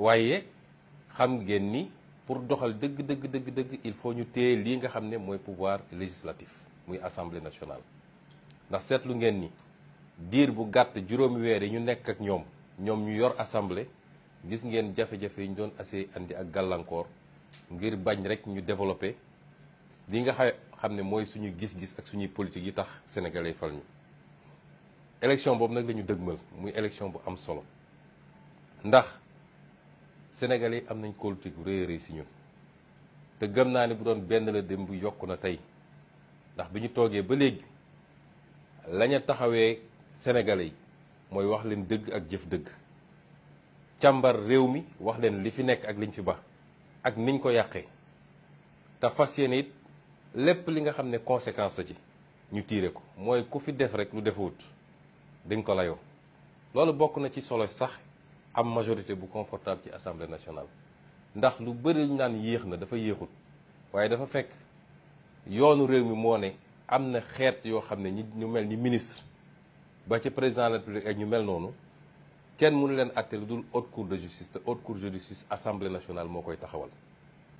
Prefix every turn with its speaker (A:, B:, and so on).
A: waaye xam ngeen ni pour doxal dëgg dëgg dëgg il faut ñu téye lii nga xam ne mooy pouvoir législatif muy assemblée nationale ndax seetlu ngeen ni diir bu gàtt juróomi weer yi ñu nekk ak ñoom ñoom ñu yor assemblée gis ngeen jafe-jafe yi ñu doon assez indi ak gàllankoor ngir bañ rek ñu développé li nga xam ne mooy suñu gis-gis ak suñuy politique yi tax sénégalais fal ñu. élection boobu nag lañu ñu dëgmal muy élection bu am solo ndax. Sénégalais yi am nañ politique bu rëy si ñun te gëm naa ne bu doon benn la bu yokku na tey ndax bi ñu toogee ba léegi lañu taxawee Sénégalais yi mooy wax leen dëgg ak jëf dëgg càmbar réew mi wax leen li fi nekk ak liñ fi ba ak niñ ko yàqee te fas yéene it lépp li nga xam ne conséquence la ci ñu tiire ko mooy ku fi def rek lu defuwut dañ ko layoo loolu bokk na ci solo sax am majorité bu confortable ci assemblée nationale ndax lu bëri ñu naan yéex na dafa yéexut waaye dafa fekk yoonu réew mi moo ne am na xeet yoo xam ne ñi ñu mel ni ministre ba ci président de ak ñu mel noonu kenn mënu leen àtte lu dul haute cour de justice te haute cour de justice assemblée nationale moo koy taxawal